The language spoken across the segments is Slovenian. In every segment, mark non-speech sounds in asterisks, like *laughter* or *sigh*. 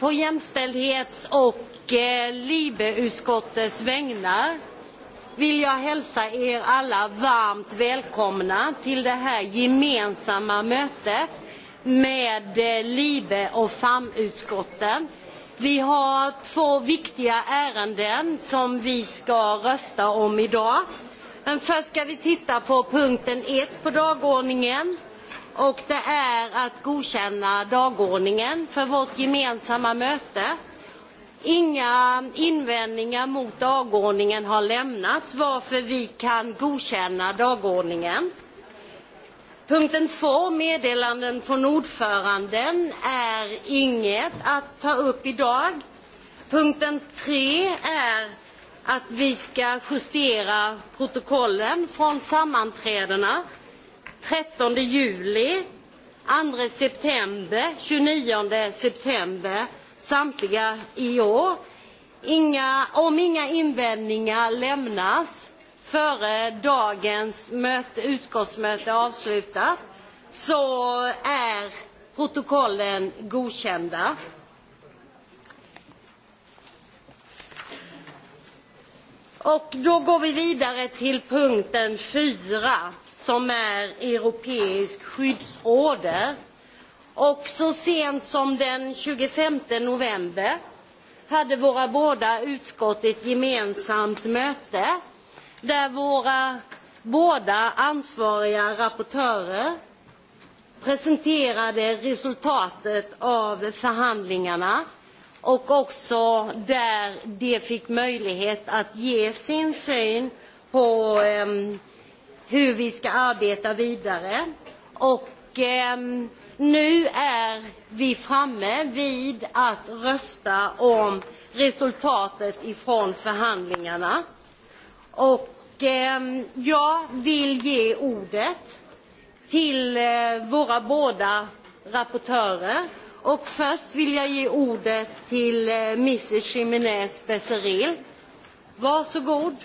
på jämställdhets och eh, LIBE-utskottets vägnar vill jag hälsa er alla varmt välkomna till det här gemensamma mötet med eh, LIBE och FAM-utskotten. Vi har två viktiga ärenden som vi ska rösta om idag. Men först ska vi titta på punkten 1 på dagordningen, och det är att godkänna dagordningen för vårt gemensamma möte. Inga invändningar mot dagordningen har lämnats varför vi kan godkänna dagordningen. Punkten två, meddelanden från ordföranden, är inget att ta upp idag. Punkten tre är att vi ska justera protokollen från sammanträdena 13 juli, 2 september, 29 september, samtliga i år. Inga, om inga invändningar lämnas före dagens möte, utskottsmöte avslutat så är protokollen godkända. Och då går vi vidare till punkten 4 som är europeisk skyddsorder. Och så sent som den 25 november hade våra båda utskott ett gemensamt möte där våra båda ansvariga rapportörer presenterade resultatet av förhandlingarna och också där de fick möjlighet att ge sin syn på eh, hur vi ska arbeta vidare. Och eh, nu är vi framme vid att rösta om resultatet ifrån förhandlingarna. Och eh, jag vill ge ordet till eh, våra båda rapportörer. Och först vill jag ge ordet till eh, Mrs Jiménez Becerril. Varsågod.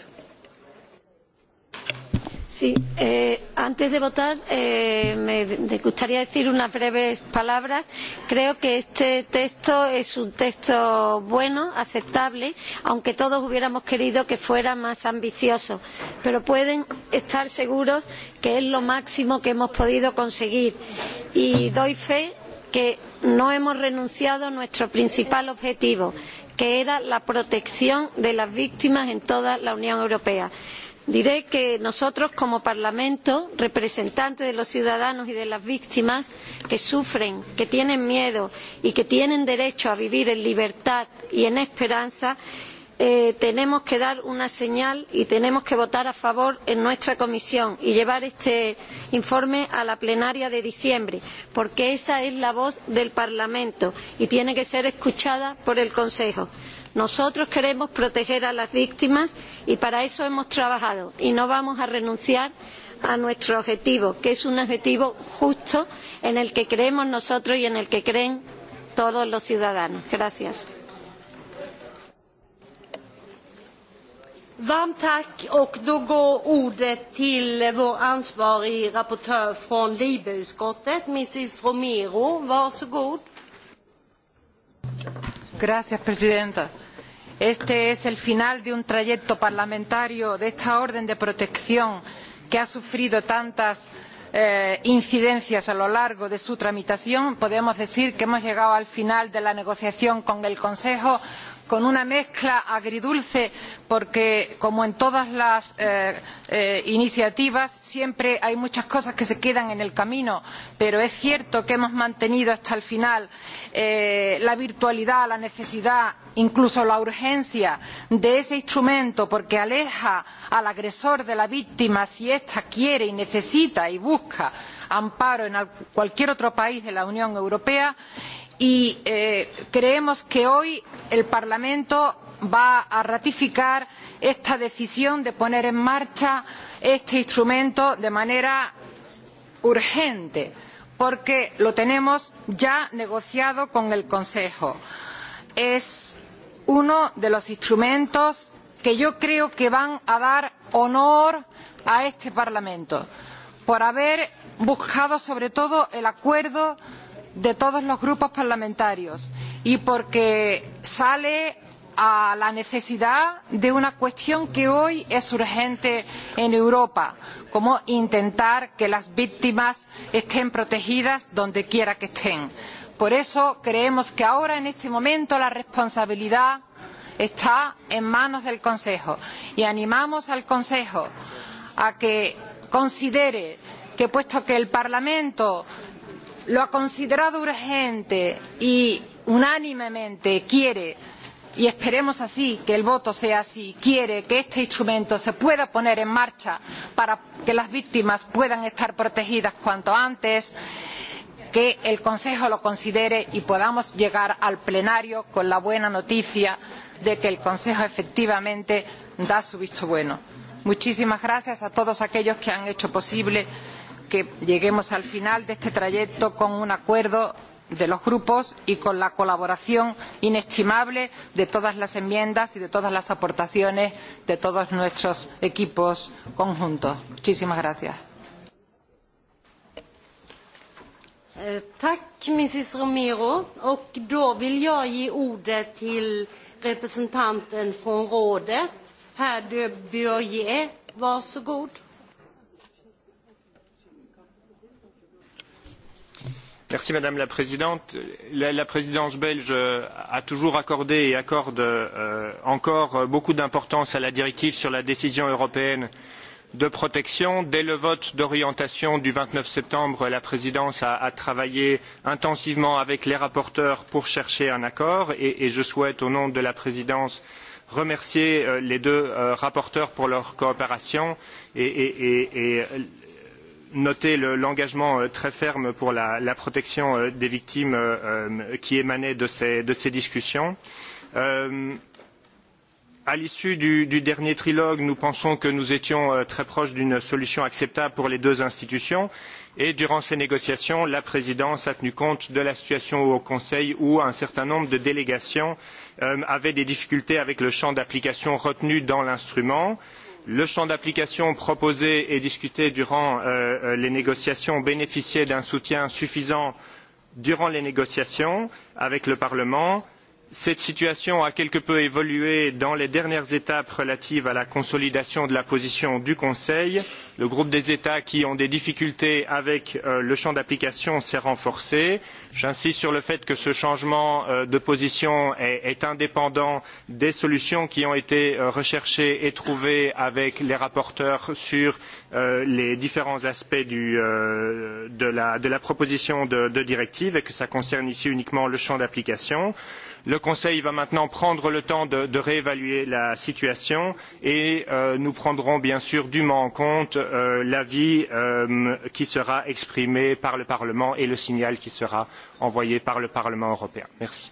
Sí, eh, antes de votar eh, me de gustaría decir unas breves palabras. Creo que este texto es un texto bueno, aceptable, aunque todos hubiéramos querido que fuera más ambicioso. Pero pueden estar seguros que es lo máximo que hemos podido conseguir. Y doy fe que no hemos renunciado a nuestro principal objetivo, que era la protección de las víctimas en toda la Unión Europea diré que nosotros como parlamento representantes de los ciudadanos y de las víctimas que sufren que tienen miedo y que tienen derecho a vivir en libertad y en esperanza eh, tenemos que dar una señal y tenemos que votar a favor en nuestra comisión y llevar este informe a la plenaria de diciembre, porque esa es la voz del Parlamento y tiene que ser escuchada por el Consejo nosotros queremos proteger a las víctimas y para eso hemos trabajado y no vamos a renunciar a nuestro objetivo que es un objetivo justo en el que creemos nosotros y en el que creen todos los ciudadanos. gracias. Varmt tack och då går ordet till vår ansvarig rapportör från LIBE-utskottet, Mrs Romero. Varsågod. Gracias, presidenta. Este es el final de un trayecto parlamentario de esta orden de protección que ha sufrido tantas eh, incidencias a lo largo de su tramitación. Podemos decir que hemos llegado al final de la negociación con el Consejo con una mezcla agridulce porque como en todas las eh, eh, iniciativas siempre hay muchas cosas que se quedan en el camino pero es cierto que hemos mantenido hasta el final eh, la virtualidad, la necesidad incluso la urgencia de ese instrumento porque aleja al agresor de la víctima si ésta quiere y necesita y busca amparo en cualquier otro país de la Unión Europea y eh, creemos que hoy el Parlamento va a ratificar esta decisión de poner en marcha este instrumento de manera urgente, porque lo tenemos ya negociado con el Consejo. Es uno de los instrumentos que yo creo que van a dar honor a este Parlamento por haber buscado sobre todo el acuerdo de todos los grupos parlamentarios y porque sale a la necesidad de una cuestión que hoy es urgente en Europa, como intentar que las víctimas estén protegidas donde quiera que estén. Por eso creemos que ahora, en este momento, la responsabilidad está en manos del Consejo y animamos al Consejo a que considere que, puesto que el Parlamento lo ha considerado urgente y unánimemente quiere, y esperemos así que el voto sea así, quiere que este instrumento se pueda poner en marcha para que las víctimas puedan estar protegidas cuanto antes, que el Consejo lo considere y podamos llegar al plenario con la buena noticia de que el Consejo efectivamente da su visto bueno. Muchísimas gracias a todos aquellos que han hecho posible que lleguemos al final de este trayecto con un acuerdo de los grupos y con la colaboración inestimable de todas las enmiendas y de todas las aportaciones de todos nuestros equipos conjuntos. Muchísimas gracias. Eh, tack, Mrs. Romero. Och då vill jag ge ordet till representanten från rådet, herr de Börje. Varsågod. madame la présidente la présidence belge euh, a toujours accordé et accorde euh, encore euh, beaucoup d'importance à la directive sur la décision européenne de protection. dès le vote d'orientation du vingt neuf septembre la présidence a travaillé intensivement avec les rapporteurs pour chercher un accord et je souhaite au nom de la présidence remercier les deux rapporteurs pour leur coopération et noter l'engagement le, euh, très ferme pour la, la protection euh, des victimes euh, euh qui émanait de ces, de ces discussions. Euh, à l'issue du, du dernier trilogue, nous pensons que nous étions très proches d'une solution acceptable pour les deux institutions et durant ces négociations, la présidence a tenu compte de la situation au Conseil où un certain nombre de délégations euh, avaient des difficultés avec le champ d'application retenu dans l'instrument. Euh, le champ d'application proposé et discuté durant euh, euh les négociations bénéficiait d'un soutien suffisant durant les négociations avec le Parlement cette situation a quelque peu évolué dans les dernières étapes relatives à la consolidation de la position du Conseil. Le groupe des États qui ont des difficultés avec euh, le champ d'application s'est renforcé. J'insiste sur le fait que ce changement euh, de position est, est indépendant des solutions qui ont été euh, recherchées et trouvées avec les rapporteurs sur euh, les différents aspects du, euh, de, la, de la proposition de, de directive et que ça concerne ici uniquement le champ d'application le Conseil va maintenant prendre le temps de, de réévaluer la situation et euh, nous prendrons bien sûr dûment en compte euh, l'avis euh, qui sera exprimé par le Parlement et le signal qui sera envoyé par le Parlement européen. Merci.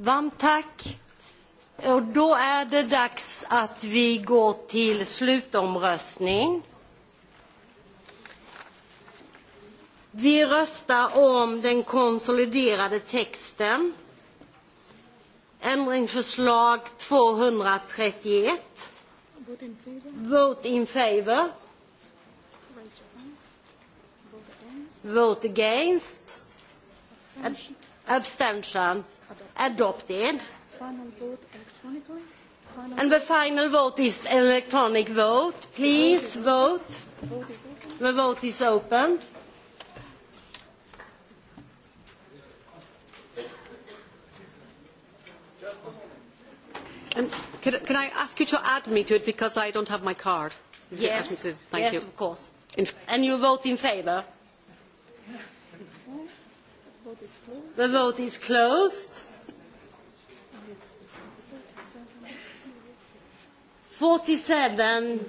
Varmt tack. Och då är det dags att vi går till slutomröstning. Vi röstar om den konsoliderade texten. Ändringsförslag 231. Vote in favor. Vote against. Abstention. Adopted. And the final vote is electronic vote. Please vote. The vote is opened. Um, could, can I ask you to add me to it because I don't have my card? Yes, to, thank yes, you. of course. In and you vote in favour? the vote is closed. 47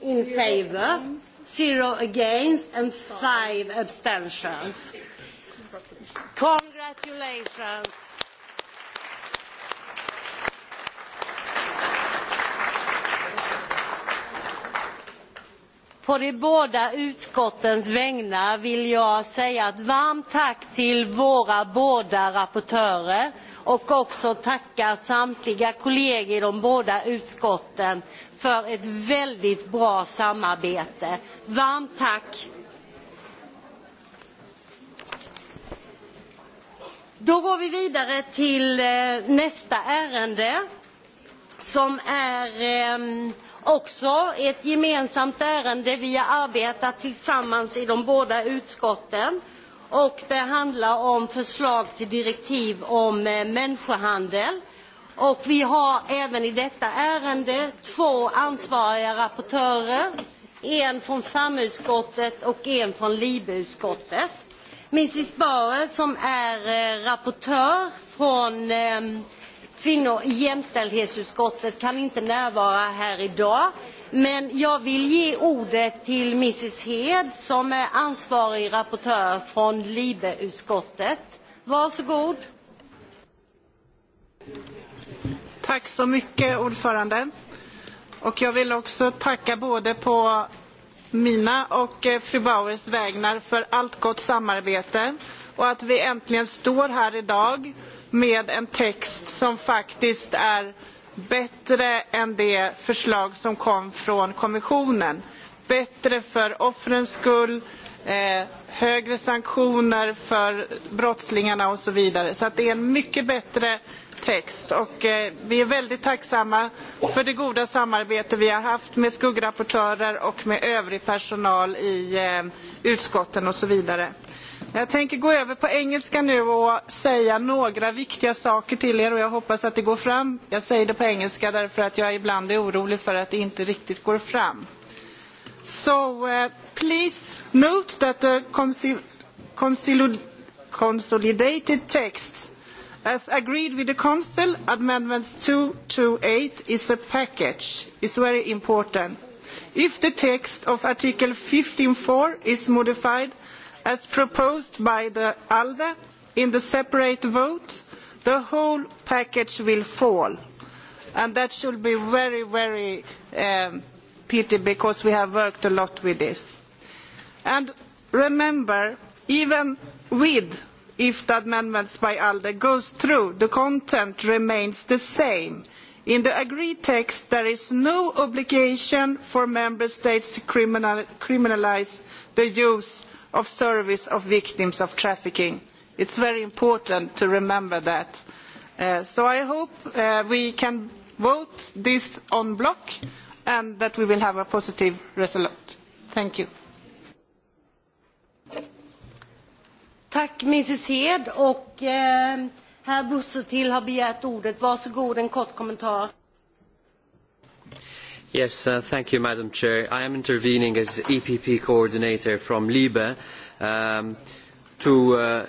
in favour, 0 against and 5 abstentions. Congratulations. På de båda utskottens vägnar vill jag säga ett varmt tack till våra båda rapportörer och också tacka samtliga kollegor i de båda utskotten för ett väldigt bra samarbete. Varmt tack! Då går vi vidare till eh, nästa ärende som är eh, också ett gemensamt ärende. Vi har arbetat tillsammans i de båda utskotten. Och det handlar om förslag till direktiv om eh, människohandel. Och vi har även i detta ärende två ansvariga rapportörer. En från FAM-utskottet och en från LIBE-utskottet. Mrs Bauer, som är eh, rapportör från eh, kvinnor i jämställdhetsutskottet kan inte närvara här idag. Men jag vill ge ordet till Mrs Hed som är ansvarig rapportör från LIBE-utskottet. Varsågod. Tack så mycket ordförande. Och jag vill också tacka både på mina och eh, fru Bauers vägnar för allt gott samarbete och att vi äntligen står här idag med en text som faktiskt är bättre än det förslag som kom från kommissionen. Bättre för offrens skull, eh, högre sanktioner för brottslingarna och så vidare. Så att det är en mycket bättre text och eh, vi är väldigt tacksamma för det goda samarbete vi har haft med skuggrapportörer och med övrig personal i eh, utskotten och så vidare. Eh, Jag tänker gå över på engelska nu och säga några viktiga saker till er och jag hoppas att det går fram. Jag säger det på engelska därför att jag ibland är orolig för att det inte riktigt går fram. So uh, please note that the consil consolidated text as agreed with the council amendments 228 is a package. It's very important. If the text of article 15.4 is modified as proposed by the alde in the separate vote the whole package will fall and that should be very very um, pity because we have worked a lot with this and remember even with if the amendments by alde goes through the content remains the same in the agreed text there is no obligation for member states to criminalize the use of service of victims of trafficking. it is very important to remember that. Uh, so i hope uh, we can vote this en bloc and that we will have a positive result. thank you. Uh, madam president i am intervening as epp coordinator from libe um, to uh,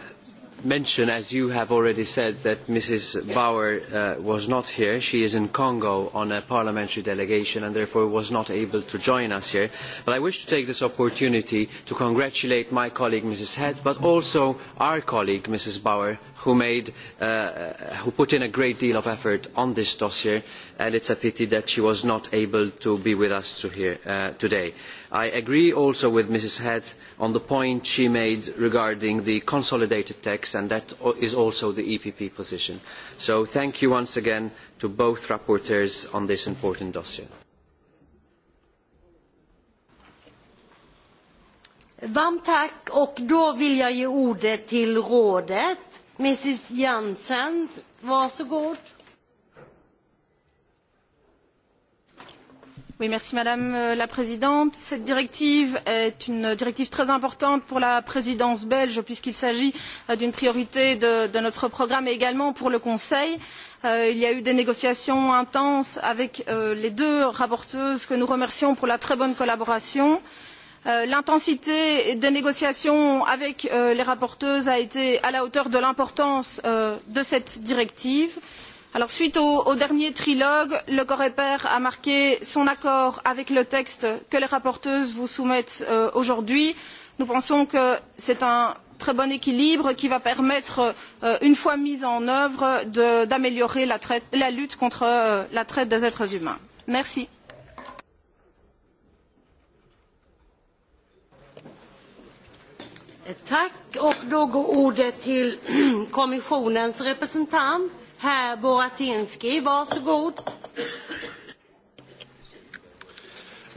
mention as you have already said that mrs bauer uh, was not here she is in congo on a parliamentary delegation and therefore was not able to join us here but i wish to take this opportunity to congratulate my colleague mrs hedh but also our colleague mrs bauer for her work who made uh, uh, who put in a great deal of effort on this dossier and it's a pity that she was not able to be with us to here uh, today i agree also with mrs heath on the point she made regarding the consolidated text and that is also the epp position so thank you once again to both rapporteurs on this important dossier Varmt tack och då vill jag ge ordet till rådet Mrs. Janssen, varsågod. Oui, merci Madame euh, la Présidente. Cette directive est une directive très importante pour la présidence belge puisqu'il s'agit euh, d'une priorité de, de notre programme et également pour le Conseil. Euh, il y a eu des négociations intenses avec euh, les deux rapporteuses que nous remercions pour la très bonne collaboration. Euh, Euh, l'intensité des négociations avec euh, les rapporteuses a été à la hauteur de l'importance euh, de cette directive. Alors, suite au, au dernier trilogue, le Coreper a marqué son accord avec le texte que les rapporteuses vous soumettent euh, aujourd'hui. Nous pensons que c'est un très bon équilibre qui va permettre, euh, une fois mise en œuvre, d'améliorer la, la lutte contre euh, la traite des êtres humains. Merci. Tack och då går ordet till *clears throat* kommissionens representant herr Boratinski. Varsågod.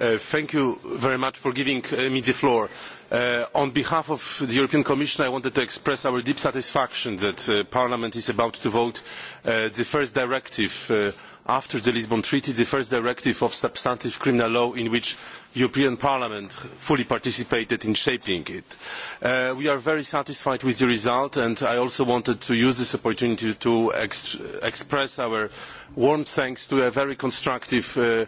Uh, thank you very much for giving uh, me the floor. Uh, on behalf of the European Commission, I wanted to express our deep satisfaction that uh, Parliament is about to vote uh, the first directive uh, after the lisbon treaty the first directive on substantive criminal law in which the european parliament fully participated in shaping it. Uh, we are very satisfied with the result and i also wanted to use this opportunity to express our warm thanks to a very constructive uh,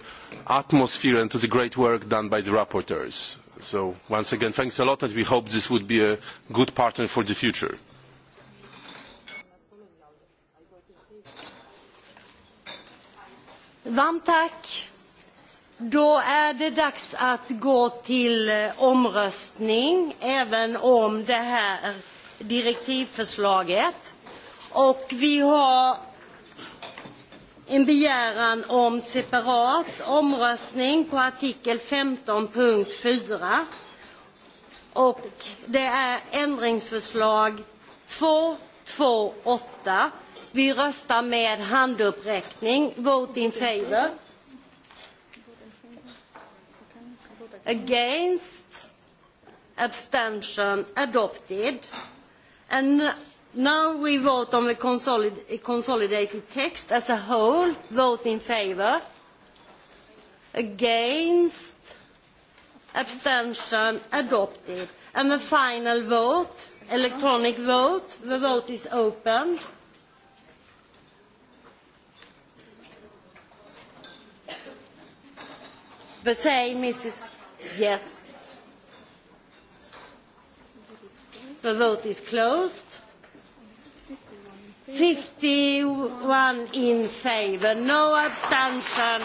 atmosphere and to the great work done by the rapporteurs. so once again thanks a lot and we hope this will be a good partner for the future. Varmt tack. Då är det dags att gå till eh, omröstning även om det här direktivförslaget. Och vi har en begäran om separat omröstning på artikel 15.4. Och det är ändringsförslag 228. 2, 2, 8. Vi röstar med handuppräckning. Vote in favor. Against. Abstention. Adopted. And now we vote on the consolid consolidated text as a whole. Vote in favor. Against. Abstention. Adopted. And the final vote, electronic vote. The vote is opened. but say Mrs. Yes. The vote is closed. 51 in favour, no abstention.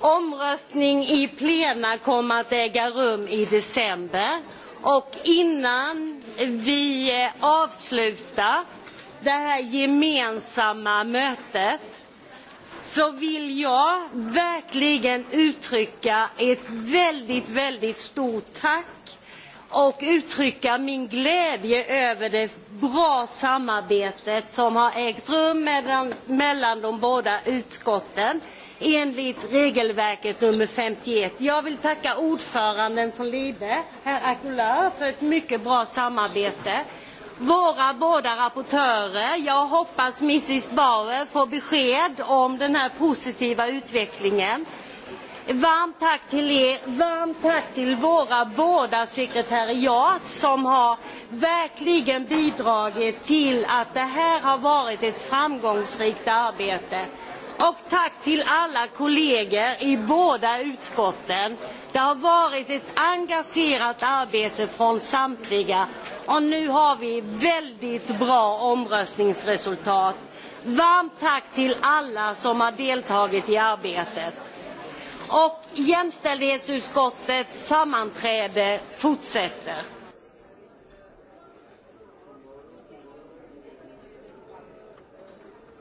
Omröstning i plena kommer att äga rum i december och innan vi avsluta det här gemensamma mötet så vill jag verkligen uttrycka ett väldigt, väldigt stort tack och uttrycka min glädje över det bra samarbetet som har ägt rum mellan, mellan de båda utskotten enligt regelverket nummer 51. Jag vill tacka ordföranden från Libe, herr Akula, för ett mycket bra samarbete. Våra båda rapportörer, jag hoppas Mrs Bauer får besked om den här positiva utvecklingen. Varmt tack till er, varmt tack till våra båda sekretariat som har verkligen bidragit till att det här har varit ett framgångsrikt arbete. Och tack till alla kollegor i båda utskotten. Det har varit ett engagerat arbete från samtliga och nu har vi väldigt bra omröstningsresultat. Varmt tack till alla som har deltagit i arbetet. Och jämställdhetsutskottets sammanträde fortsätter.